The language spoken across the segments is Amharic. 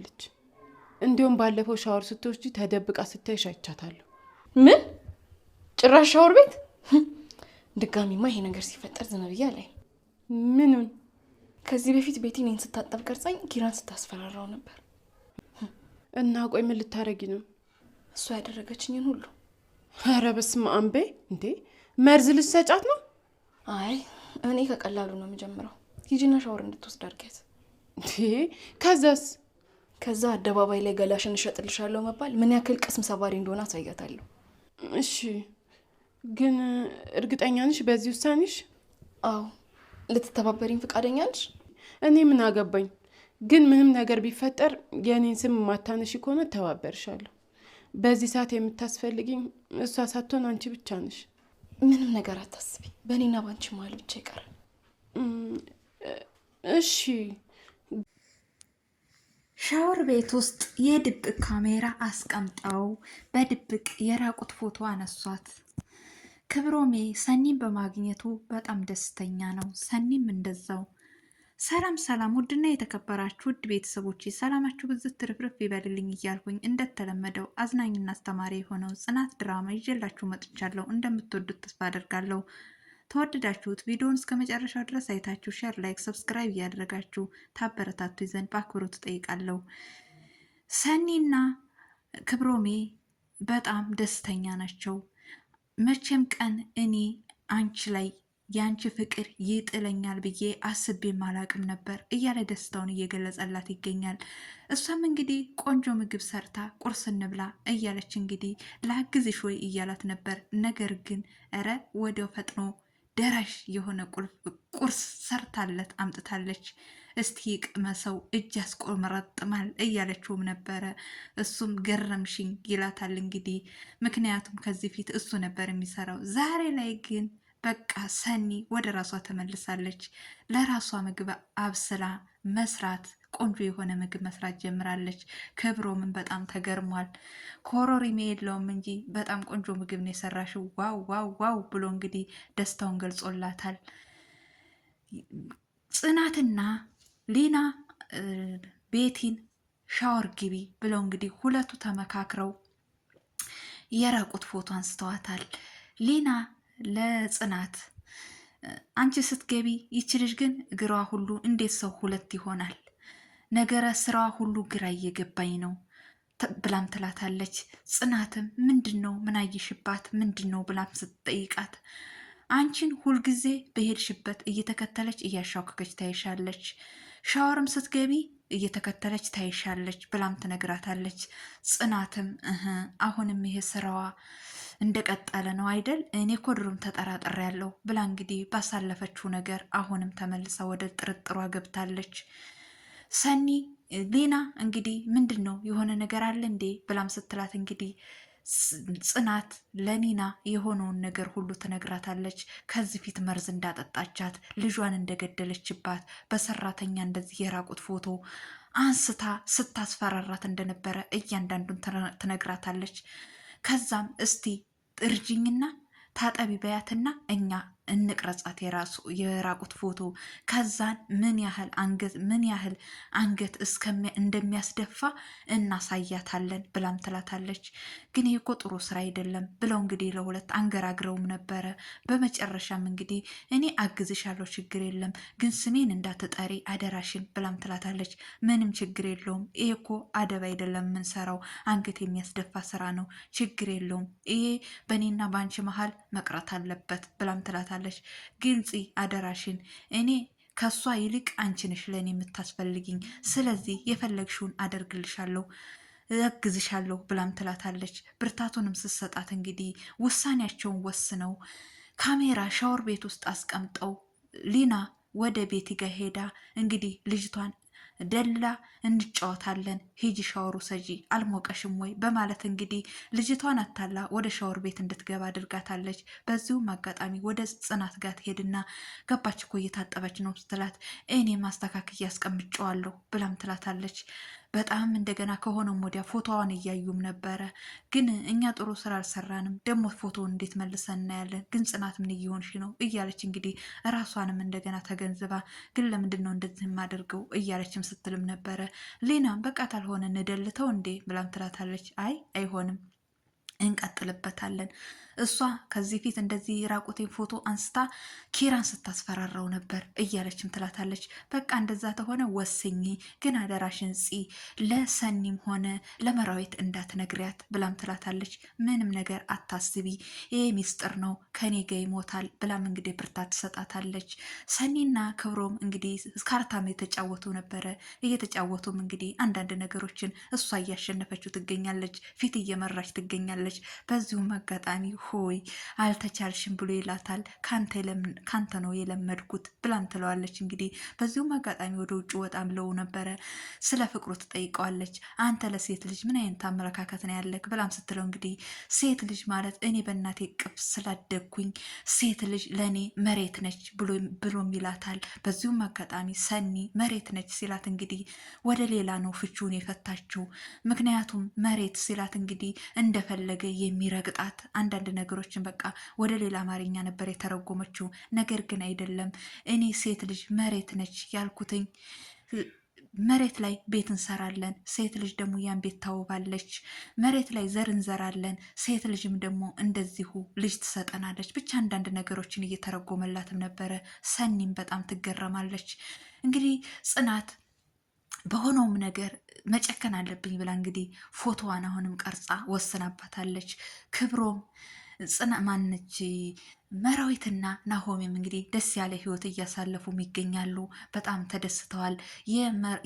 ትሆኛለች። እንዲሁም ባለፈው ሻወር ስትወስጂ ተደብቃ ስታይሽ አይቻታለሁ። ምን ጭራሽ ሻወር ቤት? ድጋሚማ ይሄ ነገር ሲፈጠር ዝም ብዬ ላይ ምኑን ከዚህ በፊት ቤቲ እኔን ስታጠብ ቀርጻኝ ኪራን ስታስፈራራው ነበር። እና ቆይ ምን ልታረጊ ነው? እሷ ያደረገችኝን ሁሉ። ኧረ በስመ አብ በይ እንዴ! መርዝ ልትሰጫት ነው? አይ እኔ ከቀላሉ ነው የምጀምረው። ሂጂና ሻወር እንድትወስድ አድርጊያት። ከዛስ ከዛ አደባባይ ላይ ገላሽን እሸጥልሻለሁ መባል ምን ያክል ቅስም ሰባሪ እንደሆነ አሳያታለሁ። እሺ፣ ግን እርግጠኛ ነሽ በዚህ ውሳኔሽ? አዎ። ልትተባበሪኝ ፈቃደኛ ነሽ? እኔ ምን አገባኝ። ግን ምንም ነገር ቢፈጠር የእኔን ስም ማታነሽ ከሆነ ተባበርሻለሁ። በዚህ ሰዓት የምታስፈልግኝ እሷ ሳትሆን አንቺ ብቻ ነሽ። ምንም ነገር አታስቢ። በእኔና በአንቺ መሀል ብቻ ይቀራል። እሺ ሻወር ቤት ውስጥ የድብቅ ካሜራ አስቀምጠው በድብቅ የራቁት ፎቶ አነሷት። ክብሮሜ ሰኒን በማግኘቱ በጣም ደስተኛ ነው። ሰኒም እንደዛው። ሰላም ሰላም! ውድና የተከበራችሁ ውድ ቤተሰቦች ሰላማችሁ ብዝት ትርፍርፍ ይበልልኝ እያልኩኝ እንደተለመደው አዝናኝና አስተማሪ የሆነው ጽናት ድራማ ይዤላችሁ መጥቻለሁ። እንደምትወዱት ተስፋ አደርጋለሁ። ተወደዳችሁት ቪዲዮውን እስከ መጨረሻው ድረስ አይታችሁ ሼር፣ ላይክ፣ ሰብስክራይብ እያደረጋችሁ ታበረታቱ ዘንድ በአክብሮት ጠይቃለሁ። ሰኒና ክብሮሜ በጣም ደስተኛ ናቸው። መቼም ቀን እኔ አንቺ ላይ የአንቺ ፍቅር ይጥለኛል ብዬ አስቤ አላቅም ነበር እያለ ደስታውን እየገለጸላት ይገኛል። እሷም እንግዲህ ቆንጆ ምግብ ሰርታ ቁርስ እንብላ እያለች እንግዲህ ላግዝሽ ወይ እያላት ነበር። ነገር ግን እረ ወዲያው ፈጥኖ ደራሽ የሆነ ቁርስ ሰርታለት አምጥታለች። እስቲ ቅመሰው እጅ ያስቆመረጥማል እያለችውም ነበረ። እሱም ገረምሽኝ ይላታል እንግዲህ ምክንያቱም ከዚህ ፊት እሱ ነበር የሚሰራው። ዛሬ ላይ ግን በቃ ሰኒ ወደ ራሷ ተመልሳለች። ለራሷ ምግብ አብስላ መስራት ቆንጆ የሆነ ምግብ መስራት ጀምራለች። ክብሮምን በጣም ተገርሟል። ኮሮሪሜ የለውም እንጂ በጣም ቆንጆ ምግብ ነው የሰራሽው፣ ዋው ዋው ዋው ብሎ እንግዲህ ደስታውን ገልጾላታል። ጽናትና ሊና ቤቲን ሻወር ግቢ ብለው እንግዲህ ሁለቱ ተመካክረው የራቁት ፎቶ አንስተዋታል። ሊና ለጽናት አንቺ ስትገቢ ይችልሽ ግን እግሯ ሁሉ እንዴት ሰው ሁለት ይሆናል ነገረ ስራዋ ሁሉ ግራ እየገባኝ ነው ብላም ትላታለች። ጽናትም ምንድን ነው ምን አየሽባት ምንድን ነው ብላም ስትጠይቃት አንቺን ሁልጊዜ በሄድሽበት እየተከተለች እያሻወከከች ታይሻለች፣ ሻወርም ስትገቢ እየተከተለች ታይሻለች ብላም ትነግራታለች። ጽናትም እህ አሁንም ይሄ ስራዋ እንደቀጠለ ነው አይደል? እኔ እኮ ድሮም ያለው ብላ እንግዲህ ባሳለፈችው ነገር አሁንም ተመልሳ ወደ ጥርጥሯ ገብታለች። ሰኒ ሌና እንግዲህ ምንድን ነው የሆነ ነገር አለ እንዴ ብላም ስትላት እንግዲህ ጽናት ለኒና የሆነውን ነገር ሁሉ ትነግራታለች። ከዚህ ፊት መርዝ እንዳጠጣቻት፣ ልጇን እንደገደለችባት፣ በሰራተኛ እንደዚህ የራቁት ፎቶ አንስታ ስታስፈራራት እንደነበረ እያንዳንዱን ትነግራታለች። ከዛም እስቲ እርጅኝና ታጠቢ በያትና እኛ እንቅረጻት የራቁት ፎቶ ከዛን ምን ያህል አንገት ምን ያህል አንገት እንደሚያስደፋ እናሳያታለን ብላም ትላታለች። ግን ይህ እኮ ጥሩ ስራ አይደለም ብለው እንግዲህ ለሁለት አንገራግረውም ነበረ። በመጨረሻም እንግዲህ እኔ አግዝሻለሁ፣ ችግር የለም ግን ስሜን እንዳትጠሪ አደራሽን ብላም ትላታለች። ምንም ችግር የለውም ይሄ እኮ አደብ አይደለም የምንሰራው አንገት የሚያስደፋ ስራ ነው፣ ችግር የለውም ይሄ በእኔና በአንቺ መሀል መቅረት አለበት ብላም ትላታለች። ትሆኛለሽ። ግልጽ አደራሽን እኔ ከእሷ ይልቅ አንችንሽ ለእኔ የምታስፈልግኝ። ስለዚህ የፈለግሽውን አደርግልሻለሁ፣ እግዝሻለሁ ብላም ትላታለች። ብርታቱንም ስትሰጣት እንግዲህ ውሳኔያቸውን ወስነው ካሜራ ሻወር ቤት ውስጥ አስቀምጠው ሊና ወደ ቤቲ ጋ ሄዳ እንግዲህ ልጅቷን ደላ እንጫወታለን፣ ሂጂ ሻወሩ ሰጂ አልሞቀሽም ወይ በማለት እንግዲህ ልጅቷን አታላ ወደ ሻወር ቤት እንድትገባ አድርጋታለች። በዚሁም አጋጣሚ ወደ ጽናት ጋር ትሄድና ገባች እኮ እየታጠበች ነው ስትላት፣ እኔ ማስተካከያ አስቀምጨዋለሁ ብላም ትላታለች። በጣም እንደገና ከሆነም ወዲያ ፎቶዋን እያዩም ነበረ። ግን እኛ ጥሩ ስራ አልሰራንም፣ ደግሞ ፎቶውን እንዴት መልሰን እናያለን? ግን ጽናት ምን እየሆንሽ ነው እያለች እንግዲህ ራሷንም እንደገና ተገንዝባ ግን ለምንድን ነው እንደዚህ የማደርገው እያለችም ስትልም ነበረ። ሌናም በቃ ታልሆነ እንደልተው እንዴ ብላም ትላታለች። አይ አይሆንም እንቀጥልበታለን። እሷ ከዚህ ፊት እንደዚህ ራቁቴን ፎቶ አንስታ ኪራን ስታስፈራራው ነበር እያለችም ትላታለች። በቃ እንደዛ ተሆነ ወስኝ፣ ግን አደራሽን ፂ ለሰኒም ሆነ ለመራዊት እንዳትነግሪያት ብላም ትላታለች። ምንም ነገር አታስቢ፣ ይሄ ሚስጥር ነው ከኔ ጋ ይሞታል ብላም እንግዲህ ብርታት ትሰጣታለች። ሰኒና ክብሮም እንግዲህ ካርታም የተጫወቱ ነበረ። እየተጫወቱም እንግዲህ አንዳንድ ነገሮችን እሷ እያሸነፈችው ትገኛለች፣ ፊት እየመራች ትገኛለች። ትላታለች። በዚሁም አጋጣሚ ሆይ አልተቻልሽም ብሎ ይላታል። ካንተ ነው የለመድኩት ብላን ትለዋለች። እንግዲህ በዚሁም አጋጣሚ ወደ ውጭ ወጣም ብለው ነበረ። ስለ ፍቅሩ ትጠይቀዋለች። አንተ ለሴት ልጅ ምን አይነት አመለካከት ነው ያለክ? ብላም ስትለው እንግዲህ ሴት ልጅ ማለት እኔ በእናቴ ቅፍ ስላደግኩኝ ሴት ልጅ ለእኔ መሬት ነች ብሎም ይላታል። በዚሁም አጋጣሚ ሰኒ መሬት ነች ሲላት እንግዲህ ወደ ሌላ ነው ፍቹን የፈታችው። ምክንያቱም መሬት ሲላት እንግዲህ እንደፈለገ እያደረገ የሚረግጣት አንዳንድ ነገሮችን በቃ ወደ ሌላ አማርኛ ነበር የተረጎመችው። ነገር ግን አይደለም እኔ ሴት ልጅ መሬት ነች ያልኩትኝ መሬት ላይ ቤት እንሰራለን፣ ሴት ልጅ ደግሞ ያን ቤት ታውባለች። መሬት ላይ ዘር እንዘራለን፣ ሴት ልጅም ደግሞ እንደዚሁ ልጅ ትሰጠናለች። ብቻ አንዳንድ ነገሮችን እየተረጎመላትም ነበረ። ሰኒም በጣም ትገረማለች። እንግዲህ ጽናት በሆነውም ነገር መጨከን አለብኝ ብላ እንግዲህ ፎቶዋን አሁንም ቀርጻ ወስናባታለች። ክብሮም ጽነ ማነች መራዊትና ናሆሚም እንግዲህ ደስ ያለ ህይወት እያሳለፉም ይገኛሉ። በጣም ተደስተዋል።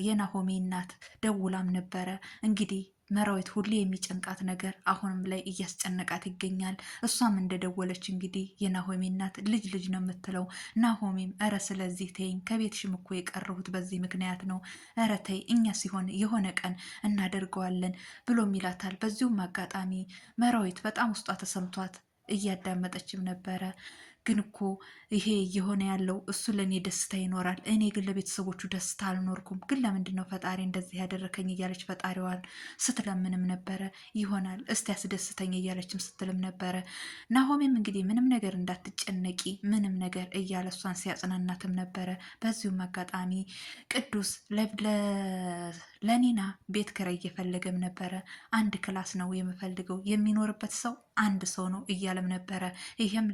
የናሆሚ እናት ደውላም ነበረ እንግዲህ መራዊት ሁሌ የሚጨንቃት ነገር አሁንም ላይ እያስጨነቃት ይገኛል። እሷም እንደደወለች እንግዲህ የናሆሜ እናት ልጅ ልጅ ነው የምትለው። ናሆሜም እረ ስለዚህ ተይኝ፣ ከቤትሽም እኮ የቀረሁት በዚህ ምክንያት ነው። እረ ተይ፣ እኛ ሲሆን የሆነ ቀን እናደርገዋለን ብሎም ይላታል። በዚሁም አጋጣሚ መራዊት በጣም ውስጧ ተሰምቷት እያዳመጠችም ነበረ። ግን እኮ ይሄ እየሆነ ያለው እሱ ለእኔ ደስታ ይኖራል፣ እኔ ግን ለቤተሰቦቹ ደስታ አልኖርኩም። ግን ለምንድን ነው ፈጣሪ እንደዚህ ያደረከኝ እያለች ፈጣሪዋን ስትለምንም ነበረ። ይሆናል እስቲ ያስደስተኝ እያለችም ስትልም ነበረ። ናሆሜም እንግዲህ ምንም ነገር እንዳትጨነቂ ምንም ነገር እያለ እሷን ሲያጽናናትም ነበረ። በዚሁም አጋጣሚ ቅዱስ ለኒና ቤት ክራይ እየፈለገም ነበረ። አንድ ክላስ ነው የምፈልገው የሚኖርበት ሰው አንድ ሰው ነው እያለም ነበረ። ይህም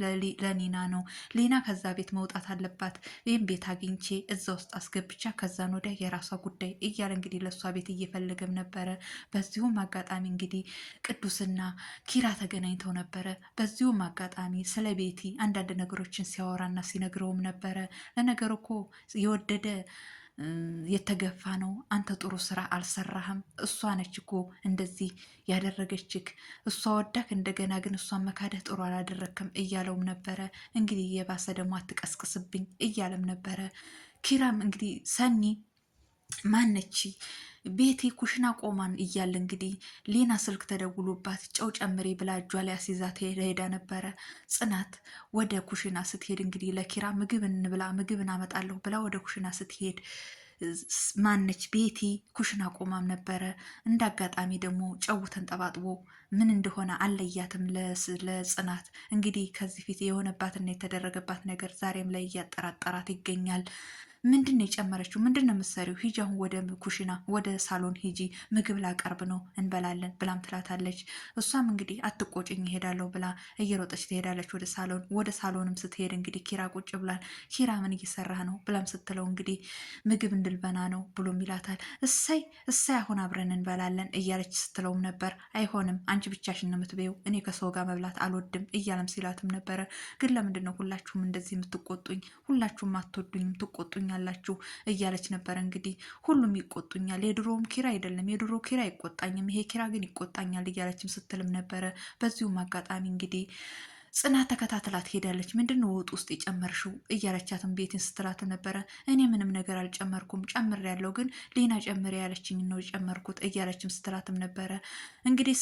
ለኒና ነው። ሊና ከዛ ቤት መውጣት አለባት። ይህም ቤት አግኝቼ እዛ ውስጥ አስገብቻ ከዛን ወዲያ የራሷ ጉዳይ እያለ እንግዲህ ለእሷ ቤት እየፈለገም ነበረ። በዚሁም አጋጣሚ እንግዲህ ቅዱስና ኪራ ተገናኝተው ነበረ። በዚሁም አጋጣሚ ስለ ቤቲ አንዳንድ ነገሮችን ሲያወራና ሲነግረውም ነበረ። ለነገሩ እኮ የወደደ የተገፋ ነው። አንተ ጥሩ ስራ አልሰራህም። እሷ ነች እኮ እንደዚህ ያደረገችክ እሷ ወዳክ። እንደገና ግን እሷን መካደህ ጥሩ አላደረክም እያለውም ነበረ። እንግዲህ የባሰ ደግሞ አትቀስቅስብኝ እያለም ነበረ ኪራም እንግዲህ ሰኒ ማነች ቤቲ ኩሽና ቆማን እያለ እንግዲህ ሌና ስልክ ተደውሎባት ጨው ጨምሬ ብላ እጇ ላይ አስይዛ ሄዳ ነበረ። ጽናት ወደ ኩሽና ስትሄድ እንግዲህ ለኪራ ምግብ እንብላ ምግብን አመጣለሁ ብላ ወደ ኩሽና ስትሄድ ማነች ቤቲ ኩሽና ቆማም ነበረ። እንደ አጋጣሚ ደግሞ ጨው ተንጠባጥቦ ምን እንደሆነ አለያትም ለጽናት እንግዲህ ከዚህ ፊት የሆነባትና የተደረገባት ነገር ዛሬም ላይ እያጠራጠራት ይገኛል። ምንድን ነው የጨመረችው? ምንድን ነው የምትሰሪው? ሂጂ አሁን ወደ ኩሽና ወደ ሳሎን ሂጂ፣ ምግብ ላቀርብ ነው እንበላለን ብላም ትላታለች። እሷም እንግዲህ አትቆጭኝ ይሄዳለሁ ብላ እየሮጠች ትሄዳለች ወደ ሳሎን። ወደ ሳሎንም ስትሄድ እንግዲህ ኪራ ቁጭ ብላል። ኪራ ምን እየሰራ ነው ብላም ስትለው እንግዲህ ምግብ እንድልበና ነው ብሎም ይላታል። እሰይ እሰይ፣ አሁን አብረን እንበላለን እያለች ስትለውም ነበር። አይሆንም አንቺ ብቻሽን የምትበይው እኔ ከሰው ጋር መብላት አልወድም እያለም ሲላትም ነበረ። ግን ለምንድን ነው ሁላችሁም እንደዚህ የምትቆጡኝ? ሁላችሁም አትወዱኝም፣ ትቆጡኝ ትቆጡኛላችሁ እያለች ነበር። እንግዲህ ሁሉም ይቆጡኛል፣ የድሮውም ኪራ አይደለም የድሮ ኪራ አይቆጣኝም፣ ይሄ ኪራ ግን ይቆጣኛል እያለችም ስትልም ነበረ። በዚሁም አጋጣሚ እንግዲህ ጽናት ተከታትላት ሄዳለች። ምንድን ነው ወጥ ውስጥ የጨመርሽው እያለቻትም ቤትን ስትላት ነበረ። እኔ ምንም ነገር አልጨመርኩም፣ ጨምር ያለው ግን ሌና ጨምር ያለችኝ ነው የጨመርኩት እያለችም ስትላትም ነበረ። እንግዲህ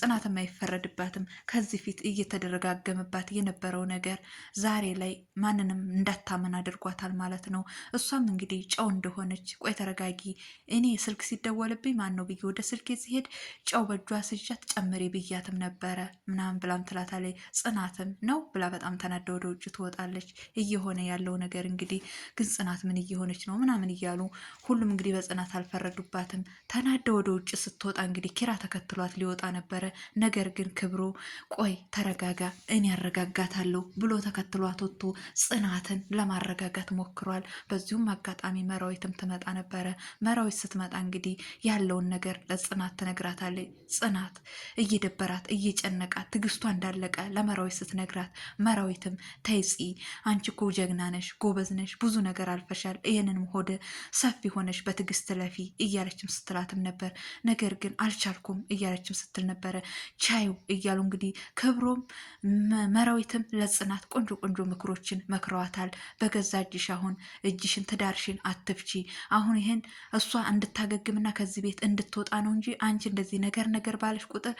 ጽናትም አይፈረድባትም። ከዚህ ፊት እየተደረጋገመባት የነበረው ነገር ዛሬ ላይ ማንንም እንዳታመን አድርጓታል ማለት ነው። እሷም እንግዲህ ጨው እንደሆነች ቆይ ተረጋጊ፣ እኔ ስልክ ሲደወልብኝ ማን ነው ብዬ ወደ ስልክ ሲሄድ ጨው በእጇ ስጃት ጨምሬ ብያትም ነበረ ምናምን ብላም ትላታለች። ጽናትም ነው ብላ በጣም ተናዳ ወደ ውጭ ትወጣለች። እየሆነ ያለው ነገር እንግዲህ ግን ጽናት ምን እየሆነች ነው ምናምን እያሉ ሁሉም እንግዲህ በጽናት አልፈረዱባትም። ተናዳ ወደ ውጭ ስትወጣ እንግዲህ ኪራ ተከትሏት ሊወጣ ነበረ። ነገር ግን ክብሩ ቆይ ተረጋጋ፣ እኔ ያረጋጋታለሁ ብሎ ተከትሏት ወጥቶ ጽናትን ለማረጋጋት ሞክሯል። በዚሁም አጋጣሚ መራዊትም ትመጣ ነበረ። መራዊት ስትመጣ እንግዲህ ያለውን ነገር ለጽናት ትነግራታለች። ጽናት እየደበራት እየጨነቃት ትግስቷ እንዳለቀ ለመራዊት ስትነግራት መራዊትም ተይፂ አንቺ እኮ ጀግና ነሽ፣ ጎበዝ ነሽ፣ ብዙ ነገር አልፈሻል፣ ይህንንም ሆደ ሰፊ ሆነሽ በትዕግስት ለፊ እያለችም ስትላትም ነበር። ነገር ግን አልቻልኩም እያለችም ስትል ነበረ። ቻዩ እያሉ እንግዲህ ክብሮም መራዊትም ለጽናት ቆንጆ ቆንጆ ምክሮችን መክረዋታል። በገዛ እጅሽ አሁን እጅሽን ትዳርሽን አትፍቺ። አሁን ይህን እሷ እንድታገግምና ከዚህ ቤት እንድትወጣ ነው እንጂ አንቺ እንደዚህ ነገር ነገር ባለሽ ቁጥር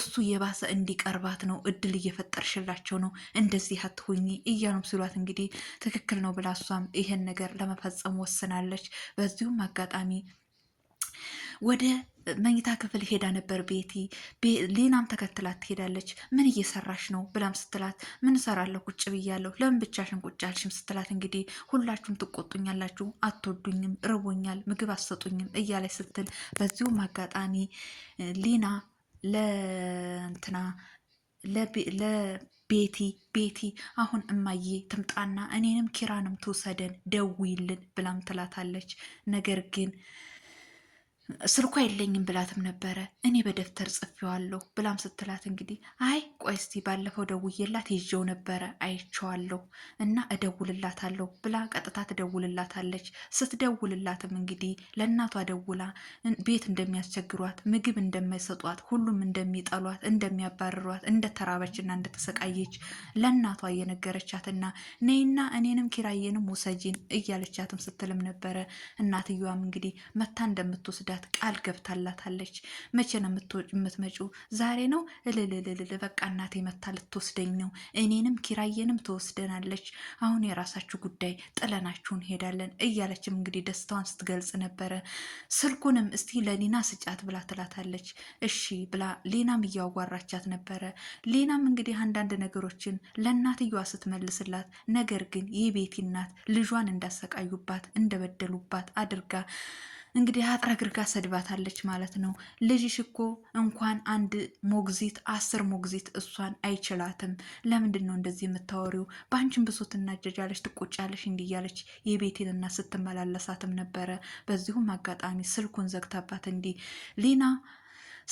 እሱ የባሰ እንዲቀርባት ነው እድል እየፈጠ እየመሰከርሽላቸው ነው እንደዚህ አትሁኝ እያሉም ሲሏት እንግዲህ ትክክል ነው ብላ እሷም ይህን ነገር ለመፈጸም ወስናለች። በዚሁም አጋጣሚ ወደ መኝታ ክፍል ሄዳ ነበር ቤቲ። ሌናም ተከትላት ትሄዳለች። ምን እየሰራሽ ነው ብላም ስትላት ምን እሰራለሁ ቁጭ ብያለሁ፣ ለምን ብቻሽን ቁጭ አልሽም ስትላት እንግዲህ ሁላችሁም ትቆጡኛላችሁ፣ አትወዱኝም፣ ርቦኛል፣ ምግብ አትሰጡኝም እያለች ስትል በዚሁም አጋጣሚ ሌና ለእንትና ለቤቲ ቤቲ አሁን እማዬ ትምጣና እኔንም ኪራንም ትውሰደን ደውይልን ብላም ትላታለች። ነገር ግን ስልኳ የለኝም ብላትም ነበረ። እኔ በደብተር ጽፌዋለሁ ብላም ስትላት እንግዲህ አይ ቆይ እስቲ ባለፈው ደውዬላት ይዤው ነበረ አይቼዋለሁ እና እደውልላታለሁ ብላ ቀጥታ ትደውልላታለች። ስትደውልላትም እንግዲህ ለእናቷ ደውላ ቤት እንደሚያስቸግሯት፣ ምግብ እንደማይሰጧት፣ ሁሉም እንደሚጠሏት፣ እንደሚያባርሯት፣ እንደተራበችና እንደተሰቃየች ለእናቷ እየነገረቻትና ነይና እኔንም ኪራዬንም ውሰጂን እያለቻትም ስትልም ነበረ። እናትየዋም እንግዲህ መታ እንደምትወስዳት ልትወልድላት ቃል ገብታላታለች። መቼ ነው የምትመጪው? ዛሬ ነው? እልልልልል በቃ እናቴ መታ ልትወስደኝ ነው። እኔንም ኪራዬንም ትወስደናለች። አሁን የራሳችሁ ጉዳይ ጥለናችሁ እንሄዳለን እያለችም እንግዲህ ደስታዋን ስትገልጽ ነበረ። ስልኩንም እስቲ ለሊና ስጫት ብላ ትላታለች። እሺ ብላ ሊናም እያዋራቻት ነበረ። ሊናም እንግዲህ አንዳንድ ነገሮችን ለእናትየዋ ስትመልስላት፣ ነገር ግን የቤቲ እናት ልጇን እንዳሰቃዩባት እንደበደሉባት አድርጋ እንግዲህ አጥረግርጋ ሰድባታለች ማለት ነው። ልጅሽ እኮ እንኳን አንድ ሞግዚት አስር ሞግዚት እሷን አይችላትም። ለምንድን ነው እንደዚህ የምታወሪው? በአንቺን ብሶ ትናጀጃለች፣ ትቆጫለች። እንዲያለች የቤቴንና ስትመላለሳትም ነበረ። በዚሁም አጋጣሚ ስልኩን ዘግታባት እንዲህ ሊና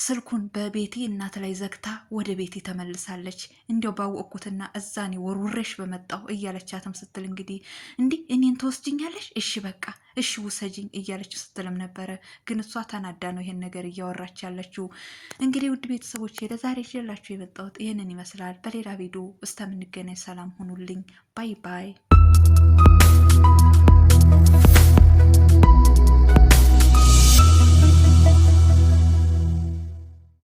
ስልኩን በቤቲ እናት ላይ ዘግታ ወደ ቤቲ ተመልሳለች። እንዲያው ባወቅኩትና እዛኔ ወርውሬሽ በመጣው እያለቻትም ስትል እንግዲህ እንዲህ እኔን ትወስጅኛለሽ? እሺ በቃ እሺ ውሰጂኝ እያለች ስትልም ነበረ። ግን እሷ ተናዳ ነው ይሄን ነገር እያወራች ያለችው። እንግዲህ ውድ ቤተሰቦች ለዛሬ ይዤላችሁ የመጣሁት ይህንን ይመስላል። በሌላ ቪዲዮ እስከምንገናኝ ሰላም ሁኑልኝ። ባይ ባይ።